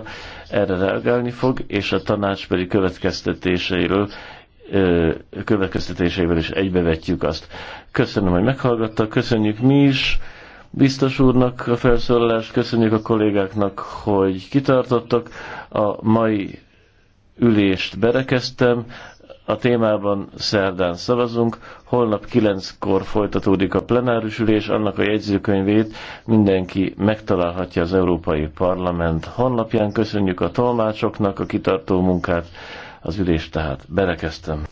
bizottsága erre reagálni fog, és a tanács pedig következtetéseiről következtetéseivel is egybevetjük azt. Köszönöm, hogy meghallgattak, köszönjük mi is biztos úrnak a felszólalást, köszönjük a kollégáknak, hogy kitartottak. A mai ülést berekeztem, a témában szerdán szavazunk, holnap kilenckor folytatódik a plenáris ülés, annak a jegyzőkönyvét mindenki megtalálhatja az Európai Parlament honlapján. Köszönjük a tolmácsoknak a kitartó munkát, az ülést tehát berekeztem.